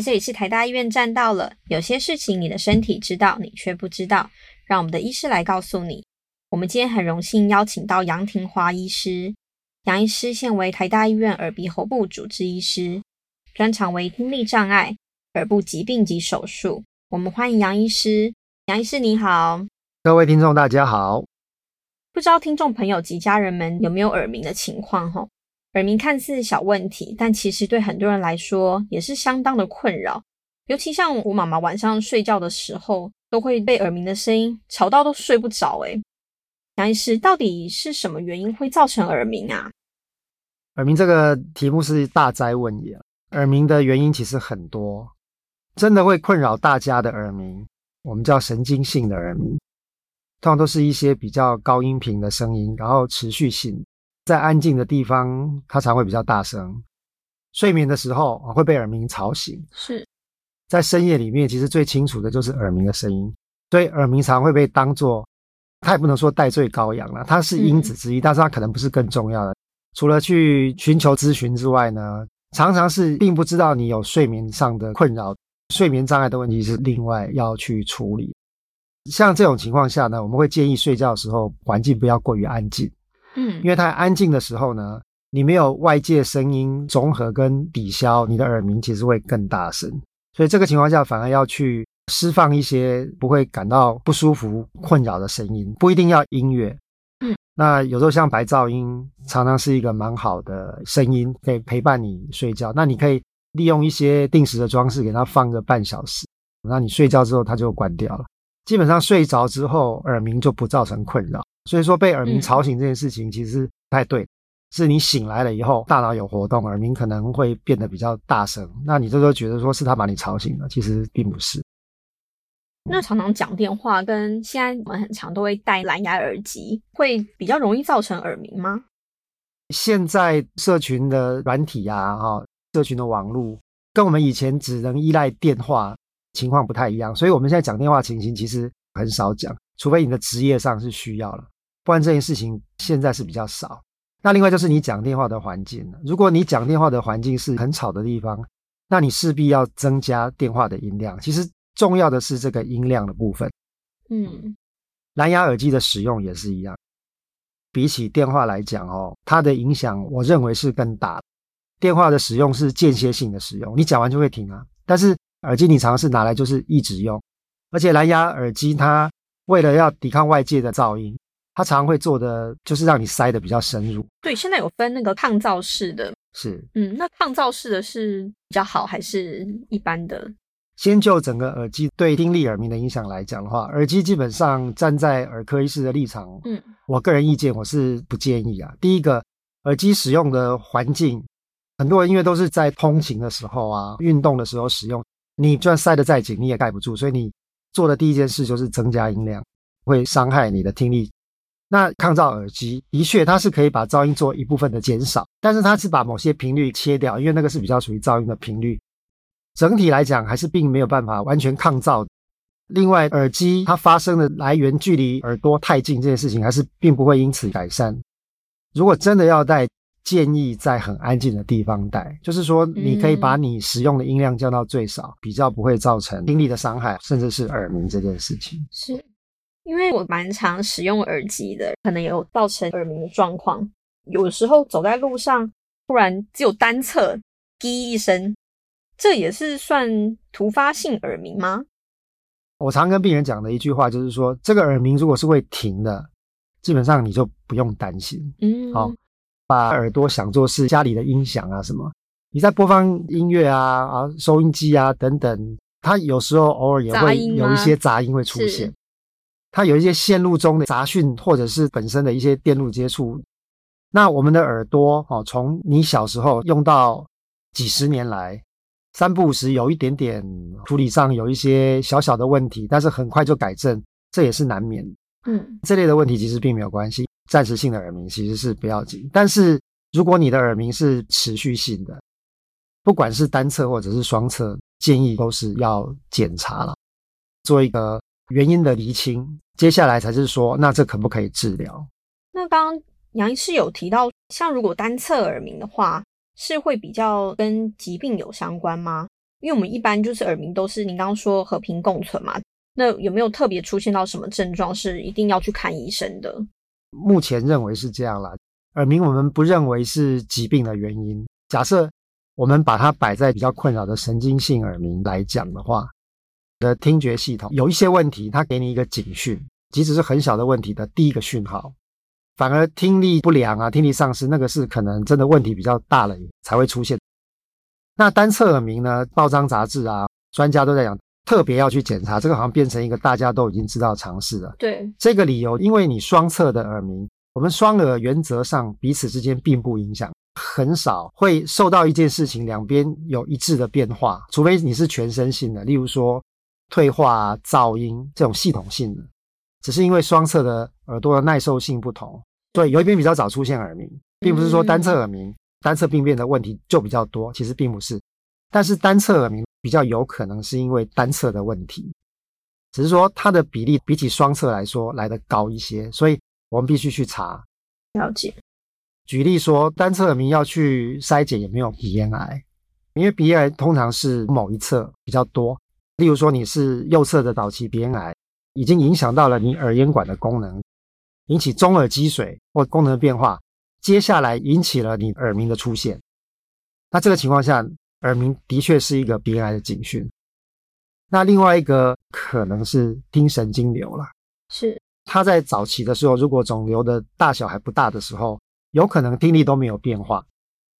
這裡是台大醫院站到了。有些事情你的身體知道，你卻不知道，讓我們的醫師來告訴你。我們今天很榮幸邀請到楊庭華醫師，楊醫師現為台大醫院耳鼻喉部主治醫師，專長為聽力障礙、耳部疾病及手術。我們歡迎楊醫師。楊醫師你好，各位聽眾大家好。不知道聽眾朋友及家人們有沒有耳鳴的情況？耳鳴看似小問題，但其實對很多人來說也是相當的困擾。尤其像我媽媽晚上睡覺的時候，都會被耳鳴的聲音吵到，都睡不着。哎，楊醫師，到底是什麼原因會造成耳鳴啊？耳鳴這個題目是大哉問也。耳鳴的原因其實很多，真的會困擾大家的耳鳴，我們叫神經性的耳鳴，通常都是一些比較高音頻的聲音，然後持續性。在安靜的地方，它常會比較大聲。睡眠的時候會被耳鳴吵醒，是在深夜裡面，其實最清楚的就是耳鳴的聲音。所以耳鳴常會被當作，它也不能說代罪羔羊了，它是因子之一、嗯，但是它可能不是更重要的。除了去尋求諮詢之外呢，常常是並不知道你有睡眠上的困擾，睡眠障礙的問題是另外要去處理。像這種情況下呢，我們會建議睡覺的時候環境不要過於安靜。嗯，因為太安靜的時候呢，你沒有外界聲音綜合跟抵消，你的耳鳴其實會更大聲。所以這個情況下反而要去釋放一些不會感到不舒服、困擾的聲音，不一定要音樂。嗯，那有時候像白噪音常常是一個蠻好的聲音，可以陪伴你睡覺。那你可以利用一些定時的裝置給它放個半小時。那你睡覺之後它就關掉了，基本上睡着之後耳鳴就不造成困擾。所以說被耳鳴吵醒這件事情其實是不太對的。嗯，是你醒來了以後大腦有活動，耳鳴可能會變得比較大聲。那你這時候覺得說是他把你吵醒了，其實並不是。那常常講電話跟現在我們很常都會戴藍牙耳機，會比較容易造成耳鳴嗎？現在社群的軟體啊，哦，哈，社群的網絡跟我們以前只能依賴電話情況不太一樣，所以我們現在講電話情形其實很少講，除非你的職業上是需要了。不然這件事情現在是比較少。那另外就是你講電話的環境了。如果你講電話的環境是很吵的地方，那你勢必要增加電話的音量。其實重要的是這個音量的部分。嗯，藍牙耳機的使用也是一樣。比起電話來講，哦，它的影響我認為是更大。電話的使用是間歇性的使用，你講完就會停啊。但是耳機你嘗試拿來就是一直用，而且藍牙耳機它為了要抵抗外界的噪音。他常會做的就是讓你塞得比較深入。對，現在有分那個抗噪式的，是。嗯，那抗噪式的是比較好還是一般的？先就整個耳機對聽力耳鳴的影響來講的話，耳機基本上站在耳科醫師的立場，嗯，我個人意見我是不建議啊。第一個，耳機使用的環境，很多人因為都是在通勤的時候啊、運動的時候使用，你就算塞得再緊，你也蓋不住，所以你做的第一件事就是增加音量，會傷害你的聽力。那抗噪耳機的確，它是可以把噪音做一部分的減少，但是它是把某些頻率切掉，因為那個是比較屬於噪音的頻率。整體來講，還是並沒有辦法完全抗噪。另外，耳機它發聲的來源距離耳朵太近，這件事情還是並不會因此改善。如果真的要戴，建議在很安靜的地方戴，就是說你可以把你使用的音量降到最少，比較不會造成聽力的傷害，甚至是耳鳴這件事情。是。因為我蠻常使用耳機的，可能有造成耳鳴的狀況。有時候走在路上，突然只有單側滴一聲，這也是算突發性耳鳴嗎？我常跟病人講的一句話就是說，這個耳鳴如果是會停的，基本上你就不用擔心。嗯，好、哦，把耳朵想做是家裡的音響啊什麼，你在播放音樂啊啊收音機啊等等，它有時候偶爾也會有一些雜音會出現。它有一些線路中的雜訊，或者是本身的一些電路接觸。那我們的耳朵哦，從你小時候用到幾十年來，三不五時有一點點處理上有一些小小的問題，但是很快就改正，這也是難免的。嗯，這類的問題其實並沒有關係，暫時性的耳鳴其實是不要緊。但是如果你的耳鳴是持續性的，不管是單側或者是雙側，建議都是要檢查了，做一個。原因的釐清，接下來才是說，那這可不可以治療？那剛剛楊醫師有提到，像如果單側耳鳴的話，是會比較跟疾病有相關嗎？因為我們一般就是耳鳴都是您剛剛說和平共存嘛，那有沒有特別出現到什麼症狀是一定要去看醫生的？目前認為是這樣啦。耳鳴我們不認為是疾病的原因。假設我們把它擺在比較困擾的神經性耳鳴來講的話。的聽覺系統有一些問題，它給你一個警訊，即使是很小的問題的第一個訊號，反而聽力不良啊、聽力喪失，那個是可能真的問題比較大了才會出現。那單側耳鳴呢？報章雜誌啊，專家都在講，特別要去檢查，這個好像變成一個大家都已經知道常識了。對。這個理由，因為你雙側的耳鳴，我們雙耳原則上彼此之間並不影響，很少會受到一件事情兩邊有一致的變化，除非你是全身性的，例如說。退化、噪音這種系統性的，只是因為雙側的耳朵的,耳朵的耐受性不同，對，有一邊比較早出現耳鳴，並不是說單側耳鳴單側病變的問題就比較多，其實並不是，但是單側耳鳴比較有可能是因為單側的問題，只是說它的比例比起雙側來說來得高一些，所以我們必須去查。了解。舉例說，單側耳鳴要去篩檢有沒有鼻咽癌，因為鼻咽癌通常是某一側比較多。例如說你是右側的早期鼻咽癌，已經影響到了你耳咽管的功能，引起中耳積水或功能的變化，接下來引起了你耳鳴的出現。那這個情況下，耳鳴的確是一個鼻咽癌的警訊。那另外一個可能是聽神經瘤了，是它在早期的時候，如果腫瘤的大小還不大的時候，有可能聽力都沒有變化。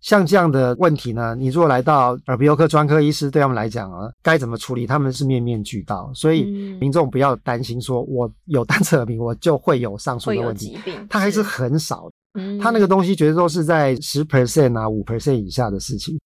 像這樣的問題呢，你如果來到耳鼻喉科專科醫師，對他們來講啊，該怎麼處理？他們是面面俱到，所以民眾不要擔心說，我有單側耳鳴，我就會有上述的問題。他還是很少的是，他那個東西絕對都是在十 percent 啊、五 percent 以下的事情。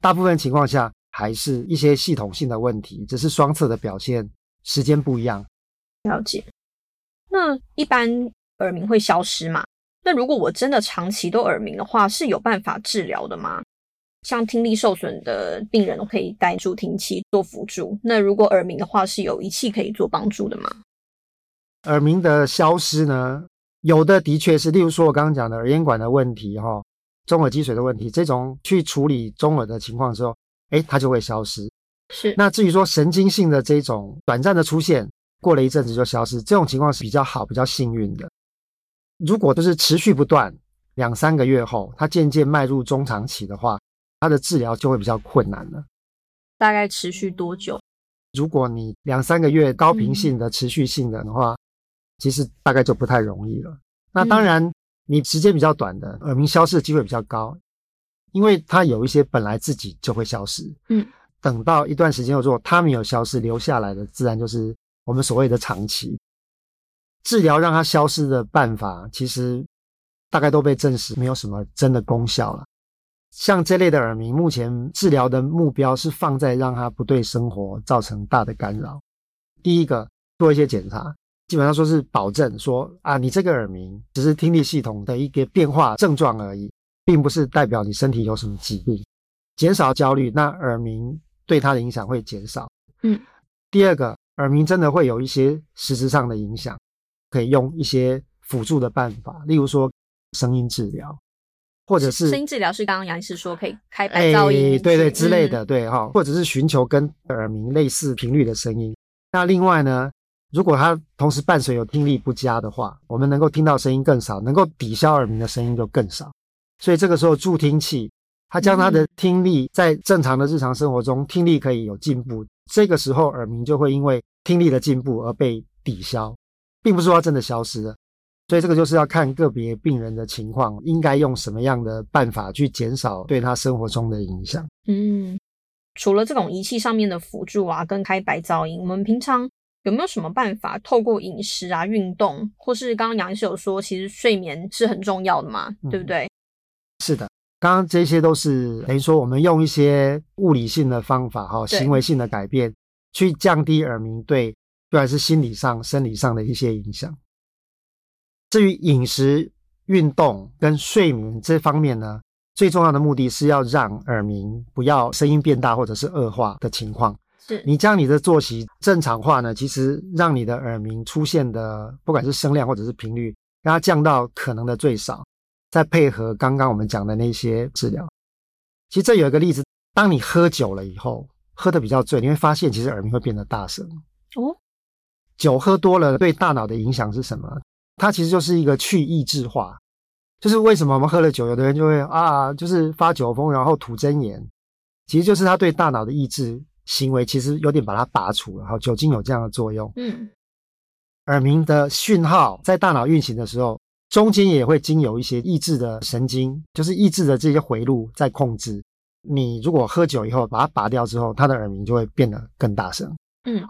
大部分情況下還是一些系統性的問題，只是雙側的表現時間不一樣。了解。那一般耳鳴會消失嗎？那如果我真的長期都耳鳴的話，是有辦法治療的嗎？像聽力受損的病人都可以戴助聽器做輔助。那如果耳鳴的話，是有儀器可以做幫助的嗎？耳鳴的消失呢？有的的確是，例如說我剛剛講的耳咽管的問題，哈，中耳積水的問題，這種去處理中耳的情況之後，誒、欸，它就會消失。是。那至於說神經性的這種短暫的出現，過了一陣子就消失，這種情況是比較好、比較幸運的。如果就是持續不斷，兩三個月後，它漸漸邁入中長期的話，它的治療就會比較困難了。大概持續多久？如果你兩三個月高頻性的、嗯、持續性的的話，其實大概就不太容易了。那當然，你時間比較短的、嗯、耳鳴消失的機會比較高，因為它有一些本來自己就會消失。嗯，等到一段時間之後，它沒有消失，留下來的自然就是我們所謂的長期。治療讓它消失的辦法，其實大概都被證實沒有什麼真的功效了。像這類的耳鳴，目前治療的目標是放在讓它不對生活造成大的干擾。第一個，做一些檢查，基本上說是保證說啊，你這個耳鳴只是聽力系統的一個變化症狀而已，並不是代表你身體有什麼疾病。減少焦慮，那耳鳴對它的影響會減少。嗯，第二個，耳鳴真的會有一些實質上的影響。可以用一些輔助的辦法，例如說聲音治療，或者是聲音治療是剛剛楊醫師說可以開白噪音、欸對對嗯、之類的，對哈，或者是尋求跟耳鳴類似頻率的聲音。那另外呢，如果它同時伴隨有聽力不佳的話，我們能夠聽到聲音更少，能夠抵消耳鳴的聲音就更少。所以這個時候助聽器，它將它的聽力、嗯、在正常的日常生活中聽力可以有進步，這個時候耳鳴就會因為聽力的進步而被抵消。並不是說它真的消失了，所以這個就是要看個別病人的情況，應該用什麼樣的辦法去減少對他生活中的影響。嗯，除了這種儀器上面的輔助啊，跟開白噪音，我們平常有沒有什麼辦法透過飲食啊、運動，或是剛剛楊醫師有說，其實睡眠是很重要的嘛、嗯，對不對？是的，剛剛這些都是等於說我們用一些物理性的方法哈，行為性的改變去降低耳鳴對。不管是心理上、生理上的一些影響，至於飲食、運動跟睡眠這方面呢，最重要的目的是要讓耳鳴不要聲音變大或者是惡化的情況。是你將你的作息正常化呢，其實讓你的耳鳴出現的，不管是聲量或者是頻率，讓它降到可能的最少。再配合剛剛我們講的那些治療，其實這有一個例子：當你喝酒了以後，喝得比較醉，你會發現其實耳鳴會變得大聲。哦。酒喝多了對大腦的影響是什麼？它其實就是一個去抑制化，就是為什麼我們喝了酒，有的人就會啊，就是發酒瘋，然後吐真言，其實就是他對大腦的抑制行為，其實有點把它拔除了。好，酒精有這樣的作用，嗯，耳鳴的訊號在大腦運行的時候，中間也會經由一些抑制的神經，就是抑制的這些回路在控制。你如果喝酒以後把它拔掉之後，他的耳鳴就會變得更大聲，嗯。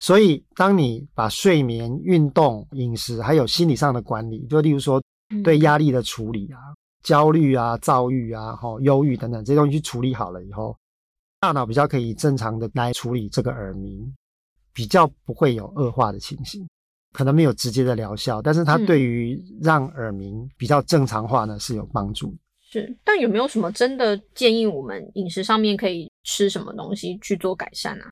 所以，當你把睡眠、運動、飲食，還有心理上的管理，就例如說對壓力的處理啊、嗯、焦慮啊、躁鬱啊、吼憂鬱等等這些東西去處理好了以後，大腦比較可以正常的來處理這個耳鳴，比較不會有惡化的情形、嗯。可能沒有直接的療效，但是它對於讓耳鳴比較正常化呢、嗯、是有幫助。是，但有沒有什麼真的建議我們飲食上面可以吃什麼東西去做改善呢、啊？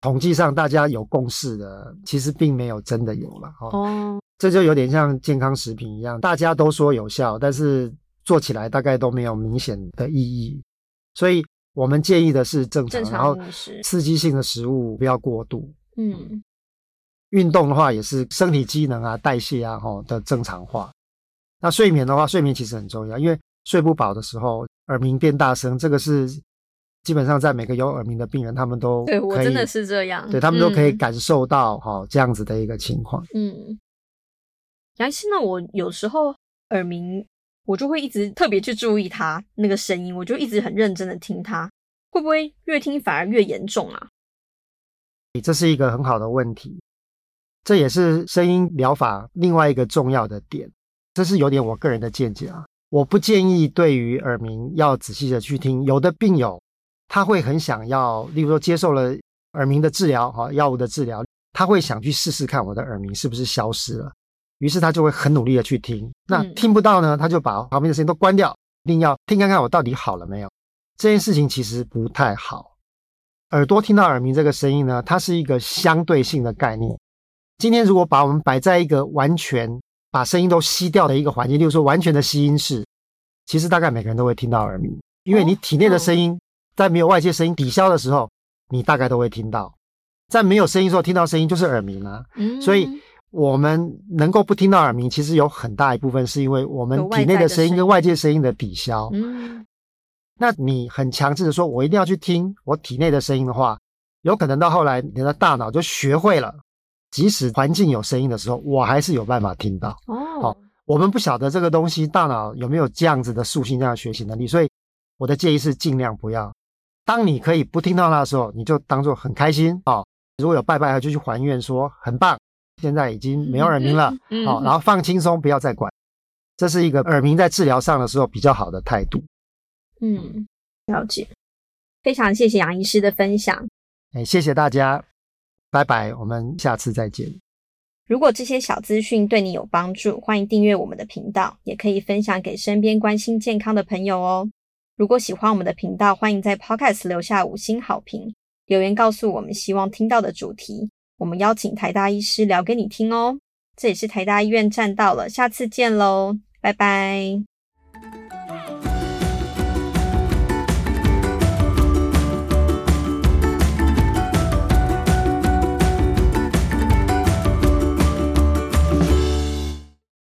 統計上大家有共識的，其實並沒有真的有了哈。哦，這就有點像健康食品一樣，大家都說有效，但是做起來大概都沒有明顯的意義。所以我們建議的是正常，正常，然後刺激性的食物不要過度嗯。嗯，運動的話也是身體機能啊、代謝啊哈的正常化。那睡眠的話，睡眠其實很重要，因為睡不飽的時候，耳鳴變大聲，這個是。基本上，在每個有耳鳴的病人，他們都對我真的是這樣，對，他們都可以感受到哈、嗯、這樣子的一個情況。嗯，楊希，那我有時候耳鳴，我就會一直特別去注意他那個聲音，我就一直很認真的聽他，會不會越聽反而越嚴重啊？你這是一個很好的問題，這也是聲音療法另外一個重要的點。這是有點我個人的見解啊，我不建議對於耳鳴要仔細的去聽，有的病友。他會很想要，例如說接受了耳鳴的治療哈，藥物的治療，他會想去試試看我的耳鳴是不是消失了。於是他就會很努力的去聽，那聽不到呢，他就把旁邊的聲音都關掉，一定要聽看看我到底好了沒有。這件事情其實不太好。耳朵聽到耳鳴這個聲音呢，它是一個相對性的概念。今天如果把我們擺在一個完全把聲音都吸掉的一個環境，例如說完全的吸音室，其實大概每個人都會聽到耳鳴，因為你體內的聲音。Oh, oh. 在沒有外界聲音抵消的時候，你大概都會聽到。在沒有聲音的時候聽到聲音就是耳鳴啊。嗯，所以我們能夠不聽到耳鳴，其實有很大一部分是因為我們體內的聲音跟外界聲音的抵消的。嗯，那你很強制的說，我一定要去聽我體內的聲音的話，有可能到後來你的大腦就學會了，即使環境有聲音的時候，我還是有辦法聽到。哦，好、哦，我們不曉得這個東西，大腦有沒有這樣子的塑性、這樣的學習能力。所以我的建議是盡量不要。當你可以不聽到他的時候，你就當做很開心哦。如果有拜拜，就去還願，說很棒，現在已經沒有耳鳴了。好、嗯嗯哦，然後放輕鬆，不要再管。這是一個耳鳴在治療上的時候比較好的態度。嗯，了解。非常謝謝楊醫師的分享。哎，謝謝大家，拜拜，我們下次再見。如果這些小資訊對你有幫助，歡迎訂閱我們的頻道，也可以分享給身邊關心健康的朋友哦。如果喜歡我們的頻道，歡迎在 Podcast 留下五星好評，留言告訴我們希望聽到的主題，我們邀請台大醫師聊給你聽哦。這裡是台大醫院站到了，下次見嘍，拜拜。